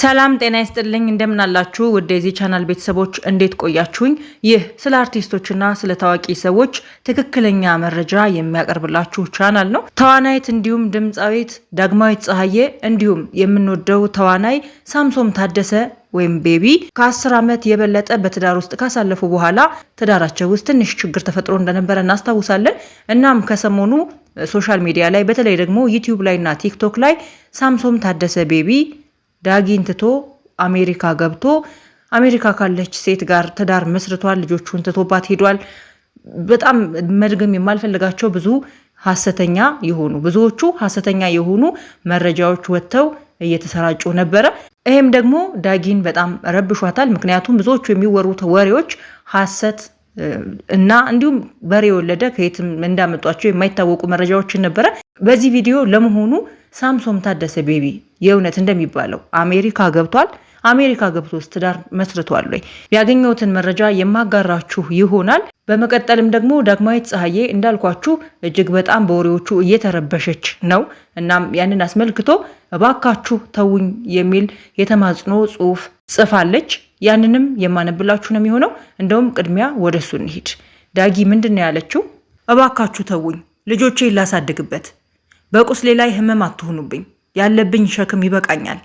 ሰላም ጤና ይስጥልኝ። እንደምናላችሁ አላችሁ? ውድ የዚህ ቻናል ቤተሰቦች እንዴት ቆያችሁኝ? ይህ ስለ አርቲስቶችና ስለ ታዋቂ ሰዎች ትክክለኛ መረጃ የሚያቀርብላችሁ ቻናል ነው። ተዋናይት እንዲሁም ድምፃዊት ዳግማዊት ፀሐዬ እንዲሁም የምንወደው ተዋናይ ሳምሶም ታደሰ ወይም ቤቢ ከአስር ዓመት የበለጠ በትዳር ውስጥ ካሳለፉ በኋላ ትዳራቸው ውስጥ ትንሽ ችግር ተፈጥሮ እንደነበረ እናስታውሳለን። እናም ከሰሞኑ ሶሻል ሚዲያ ላይ በተለይ ደግሞ ዩቲዩብ ላይ እና ቲክቶክ ላይ ሳምሶም ታደሰ ቤቢ ዳጊን ትቶ አሜሪካ ገብቶ አሜሪካ ካለች ሴት ጋር ትዳር መስርቷል። ልጆቹን ትቶባት ሄዷል። በጣም መድገም የማልፈልጋቸው ብዙ ሀሰተኛ የሆኑ ብዙዎቹ ሀሰተኛ የሆኑ መረጃዎች ወጥተው እየተሰራጩ ነበረ። ይህም ደግሞ ዳጊን በጣም ረብሿታል። ምክንያቱም ብዙዎቹ የሚወሩት ወሬዎች ሀሰት እና እንዲሁም በሬ የወለደ ከየትም እንዳመጧቸው የማይታወቁ መረጃዎችን ነበረ። በዚህ ቪዲዮ ለመሆኑ ሳምሶም ታደሰ ቤቢ የእውነት እንደሚባለው አሜሪካ ገብቷል? አሜሪካ ገብቶ ውስጥ ትዳር መስርቷል ወይ? ያገኘሁትን መረጃ የማጋራችሁ ይሆናል። በመቀጠልም ደግሞ ዳግማዊት ፀሐዬ እንዳልኳችሁ እጅግ በጣም በወሬዎቹ እየተረበሸች ነው። እናም ያንን አስመልክቶ እባካችሁ ተውኝ የሚል የተማጽኖ ጽሑፍ ጽፋለች። ያንንም የማነብላችሁ ነው የሚሆነው። እንደውም ቅድሚያ ወደ እሱ እንሂድ። ዳጊ ምንድን ነው ያለችው? እባካችሁ ተውኝ ልጆቼ ላሳድግበት በቁስሌ ላይ ህመም አትሁኑብኝ። ያለብኝ ሸክም ይበቃኛል።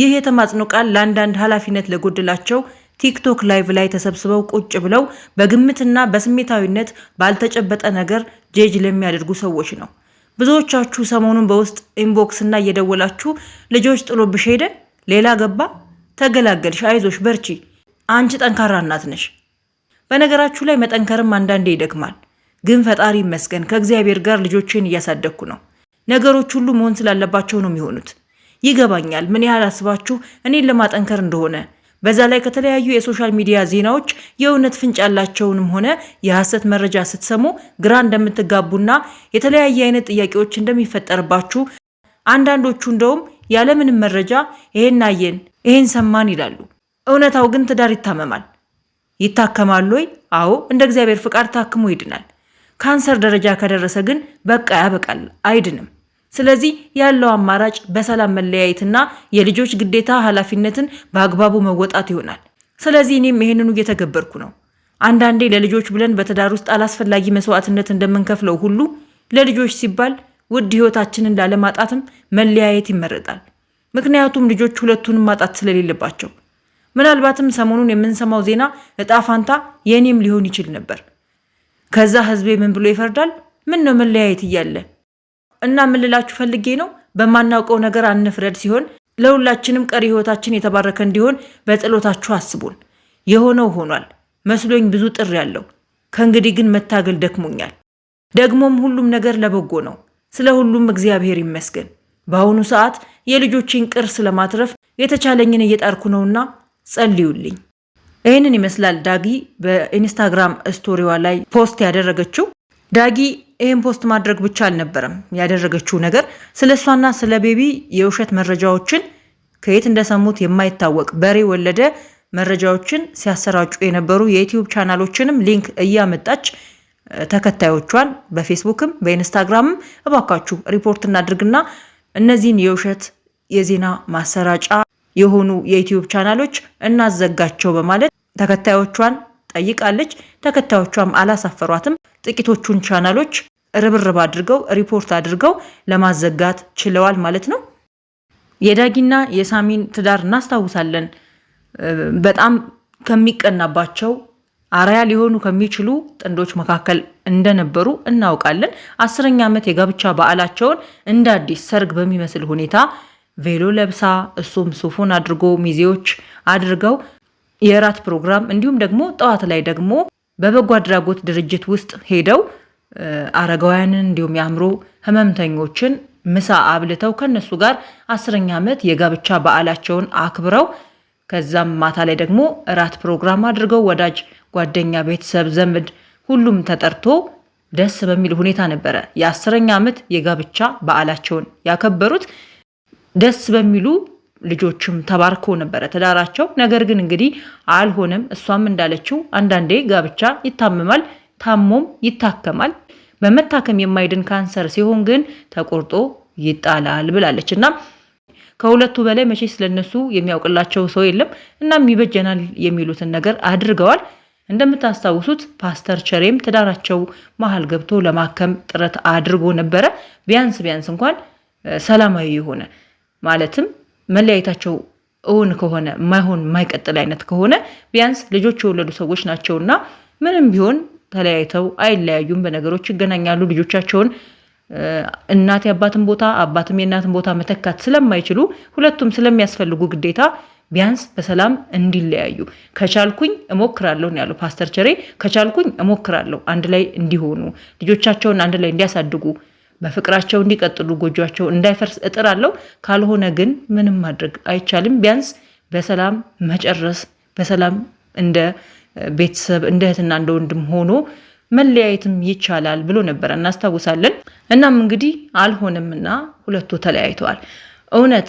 ይህ የተማጽኖ ቃል ለአንዳንድ ኃላፊነት ለጎደላቸው ቲክቶክ ላይቭ ላይ ተሰብስበው ቁጭ ብለው በግምትና በስሜታዊነት ባልተጨበጠ ነገር ጄጅ ለሚያደርጉ ሰዎች ነው። ብዙዎቻችሁ ሰሞኑን በውስጥ ኢንቦክስና እየደወላችሁ ልጆች ጥሎብሽ ሄደ፣ ሌላ ገባ፣ ተገላገልሽ፣ አይዞሽ፣ በርቺ፣ አንቺ ጠንካራ እናት ነሽ። በነገራችሁ ላይ መጠንከርም አንዳንዴ ይደክማል። ግን ፈጣሪ ይመስገን ከእግዚአብሔር ጋር ልጆችን እያሳደግኩ ነው። ነገሮች ሁሉ መሆን ስላለባቸው ነው የሚሆኑት። ይገባኛል ምን ያህል አስባችሁ እኔን ለማጠንከር እንደሆነ። በዛ ላይ ከተለያዩ የሶሻል ሚዲያ ዜናዎች የእውነት ፍንጭ ያላቸውንም ሆነ የሐሰት መረጃ ስትሰሙ ግራ እንደምትጋቡና የተለያየ አይነት ጥያቄዎች እንደሚፈጠርባችሁ አንዳንዶቹ እንደውም ያለምንም መረጃ ይሄን አየን ይሄን ሰማን ይላሉ። እውነታው ግን ትዳር ይታመማል። ይታከማል ወይ? አዎ፣ እንደ እግዚአብሔር ፍቃድ ታክሞ ይድናል። ካንሰር ደረጃ ከደረሰ ግን በቃ ያበቃል፣ አይድንም። ስለዚህ ያለው አማራጭ በሰላም መለያየትና የልጆች ግዴታ ኃላፊነትን በአግባቡ መወጣት ይሆናል። ስለዚህ እኔም ይሄንኑ እየተገበርኩ ነው። አንዳንዴ ለልጆች ብለን በትዳር ውስጥ አላስፈላጊ መስዋዕትነት እንደምንከፍለው ሁሉ ለልጆች ሲባል ውድ ህይወታችንን ላለማጣትም መለያየት ይመረጣል። ምክንያቱም ልጆች ሁለቱንም ማጣት ስለሌለባቸው። ምናልባትም ሰሞኑን የምንሰማው ዜና እጣ ፋንታ የእኔም ሊሆን ይችል ነበር። ከዛ ህዝቤ ምን ብሎ ይፈርዳል? ምን ነው መለያየት እያለ እና ምን ፈልጌ ነው በማናውቀው ነገር አንፍረድ ሲሆን ለሁላችንም ቀሪ ህይወታችን የተባረከ እንዲሆን በጸሎታችሁ አስቡን። የሆነው ሆኗል መስሎኝ ብዙ ጥሪ ያለው ከእንግዲህ ግን መታገል ደክሞኛል። ደግሞም ሁሉም ነገር ለበጎ ነው። ስለ ሁሉም እግዚአብሔር ይመስገን። በአሁኑ ሰዓት የልጆቼን ቅርስ ለማትረፍ የተቻለኝን እየጣርኩ ነውና ጸልዩልኝ። ይህንን ይመስላል ዳጊ በኢንስታግራም ስቶሪዋ ላይ ፖስት ያደረገችው። ዳጊ ይህን ፖስት ማድረግ ብቻ አልነበረም ያደረገችው ነገር ስለ እሷና ስለ ቤቢ የውሸት መረጃዎችን ከየት እንደሰሙት የማይታወቅ በሬ ወለደ መረጃዎችን ሲያሰራጩ የነበሩ የዩትዩብ ቻናሎችንም ሊንክ እያመጣች ተከታዮቿን በፌስቡክም በኢንስታግራምም እባካችሁ ሪፖርት እናድርግና እነዚህን የውሸት የዜና ማሰራጫ የሆኑ የዩትዩብ ቻናሎች እናዘጋቸው በማለት ተከታዮቿን ጠይቃለች። ተከታዮቿም አላሳፈሯትም። ጥቂቶቹን ቻናሎች ርብርብ አድርገው ሪፖርት አድርገው ለማዘጋት ችለዋል ማለት ነው። የዳጊና የሳሚን ትዳር እናስታውሳለን። በጣም ከሚቀናባቸው አራያ ሊሆኑ ከሚችሉ ጥንዶች መካከል እንደነበሩ እናውቃለን። አስረኛ ዓመት የጋብቻ በዓላቸውን እንደ አዲስ ሰርግ በሚመስል ሁኔታ ቬሎ ለብሳ እሱም ሱፉን አድርጎ ሚዜዎች አድርገው የእራት ፕሮግራም እንዲሁም ደግሞ ጠዋት ላይ ደግሞ በበጎ አድራጎት ድርጅት ውስጥ ሄደው አረጋውያንን እንዲሁም የአእምሮ ህመምተኞችን ምሳ አብልተው ከነሱ ጋር አስረኛ ዓመት የጋብቻ በዓላቸውን አክብረው ከዛም ማታ ላይ ደግሞ እራት ፕሮግራም አድርገው ወዳጅ ጓደኛ፣ ቤተሰብ፣ ዘመድ ሁሉም ተጠርቶ ደስ በሚል ሁኔታ ነበረ የአስረኛ ዓመት የጋብቻ በዓላቸውን ያከበሩት። ደስ በሚሉ ልጆችም ተባርኮ ነበረ ትዳራቸው። ነገር ግን እንግዲህ አልሆነም። እሷም እንዳለችው አንዳንዴ ጋብቻ ይታመማል፣ ታሞም ይታከማል። በመታከም የማይድን ካንሰር ሲሆን ግን ተቆርጦ ይጣላል ብላለች እና ከሁለቱ በላይ መቼ ስለነሱ የሚያውቅላቸው ሰው የለም። እናም ይበጀናል የሚሉትን ነገር አድርገዋል። እንደምታስታውሱት ፓስተር ቸሬም ትዳራቸው መሀል ገብቶ ለማከም ጥረት አድርጎ ነበረ። ቢያንስ ቢያንስ እንኳን ሰላማዊ የሆነ ማለትም መለያየታቸው እውን ከሆነ ማይሆን ማይቀጥል አይነት ከሆነ ቢያንስ ልጆች የወለዱ ሰዎች ናቸውና ምንም ቢሆን ተለያይተው አይለያዩም። በነገሮች ይገናኛሉ። ልጆቻቸውን እናት የአባትን ቦታ አባትም የእናትን ቦታ መተካት ስለማይችሉ ሁለቱም ስለሚያስፈልጉ ግዴታ ቢያንስ በሰላም እንዲለያዩ ከቻልኩኝ እሞክራለሁ ያለው ፓስተር ቸሬ፣ ከቻልኩኝ እሞክራለሁ አንድ ላይ እንዲሆኑ ልጆቻቸውን አንድ ላይ እንዲያሳድጉ በፍቅራቸው እንዲቀጥሉ ጎጇቸው እንዳይፈርስ እጥር አለው። ካልሆነ ግን ምንም ማድረግ አይቻልም። ቢያንስ በሰላም መጨረስ በሰላም እንደ ቤተሰብ እንደ እህትና እንደ ወንድም ሆኖ መለያየትም ይቻላል ብሎ ነበረ እናስታውሳለን። እናም እንግዲህ አልሆነምና ሁለቱ ተለያይተዋል። እውነት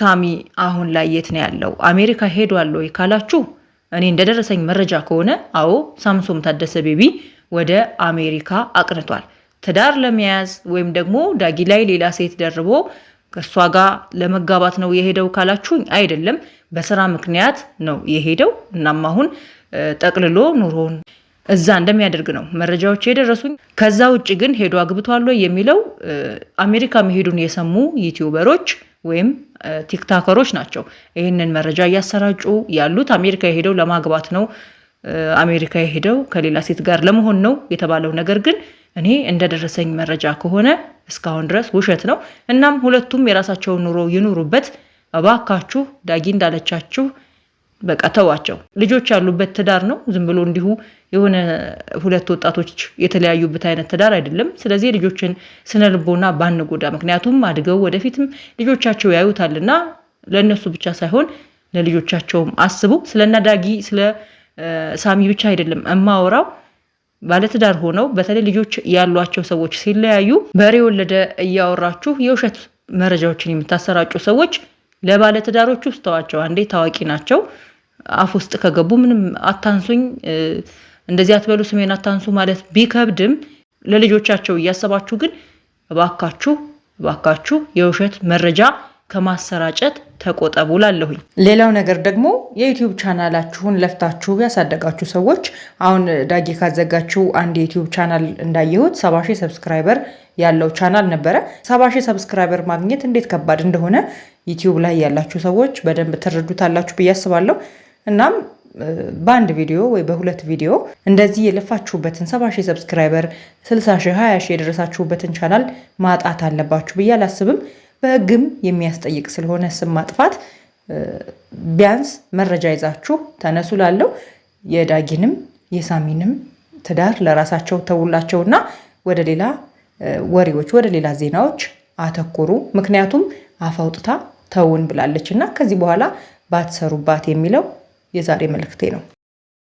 ሳሚ አሁን ላይ የት ነው ያለው? አሜሪካ ሄዷል ወይ ካላችሁ እኔ እንደደረሰኝ መረጃ ከሆነ አዎ ሳምሶም ታደሰ ቤቢ ወደ አሜሪካ አቅንቷል። ትዳር ለመያዝ ወይም ደግሞ ዳጊ ላይ ሌላ ሴት ደርቦ ከእሷ ጋር ለመጋባት ነው የሄደው ካላችሁኝ፣ አይደለም በስራ ምክንያት ነው የሄደው። እናም አሁን ጠቅልሎ ኑሮን እዛ እንደሚያደርግ ነው መረጃዎች የደረሱኝ። ከዛ ውጭ ግን ሄዶ አግብቷል የሚለው አሜሪካ መሄዱን የሰሙ ዩቲዩበሮች ወይም ቲክታከሮች ናቸው ይህንን መረጃ እያሰራጩ ያሉት። አሜሪካ የሄደው ለማግባት ነው፣ አሜሪካ የሄደው ከሌላ ሴት ጋር ለመሆን ነው የተባለው ነገር ግን እኔ እንደደረሰኝ መረጃ ከሆነ እስካሁን ድረስ ውሸት ነው። እናም ሁለቱም የራሳቸውን ኑሮ ይኑሩበት። እባካችሁ ዳጊ እንዳለቻችሁ በቃ ተዋቸው። ልጆች ያሉበት ትዳር ነው። ዝም ብሎ እንዲሁ የሆነ ሁለት ወጣቶች የተለያዩበት አይነት ትዳር አይደለም። ስለዚህ ልጆችን ስነ ልቦና ባንጎዳ። ምክንያቱም አድገው ወደፊትም ልጆቻቸው ያዩታልና ለእነሱ ብቻ ሳይሆን ለልጆቻቸውም አስቡ። ስለና ዳጊ ስለ ሳሚ ብቻ አይደለም እማወራው ባለትዳር ሆነው በተለይ ልጆች ያሏቸው ሰዎች ሲለያዩ በሬ ወለደ እያወራችሁ የውሸት መረጃዎችን የምታሰራጩ ሰዎች ለባለትዳሮቹ ውስተዋቸው። አንዴ ታዋቂ ናቸው፣ አፍ ውስጥ ከገቡ ምንም አታንሱኝ፣ እንደዚህ አትበሉ፣ ስሜን አታንሱ ማለት ቢከብድም ለልጆቻቸው እያሰባችሁ ግን እባካችሁ እባካችሁ የውሸት መረጃ ከማሰራጨት ተቆጠቡ ላለሁኝ። ሌላው ነገር ደግሞ የዩቲዩብ ቻናላችሁን ለፍታችሁ ያሳደጋችሁ ሰዎች አሁን ዳጌ ካዘጋችው አንድ የዩቲዩብ ቻናል እንዳየሁት ሰባ ሺህ ሰብስክራይበር ያለው ቻናል ነበረ። ሰባ ሺህ ሰብስክራይበር ማግኘት እንዴት ከባድ እንደሆነ ዩቲዩብ ላይ ያላችሁ ሰዎች በደንብ ትረዱታላችሁ ብዬ አስባለሁ። እናም በአንድ ቪዲዮ ወይ በሁለት ቪዲዮ እንደዚህ የለፋችሁበትን ሰባ ሺህ ሰብስክራይበር፣ ስልሳ ሺህ፣ ሀያ ሺህ የደረሳችሁበትን ቻናል ማጣት አለባችሁ ብዬ አላስብም። በግም የሚያስጠይቅ ስለሆነ ስም ማጥፋት ቢያንስ መረጃ ይዛችሁ ተነሱ ላለው የዳጊንም የሳሚንም ትዳር ለራሳቸው ተውላቸው እና ወደ ሌላ ወሬዎች ወደ ሌላ ዜናዎች አተኮሩ። ምክንያቱም አፋውጥታ ተውን ብላለች እና ከዚህ በኋላ ባትሰሩባት የሚለው የዛሬ መልእክቴ ነው።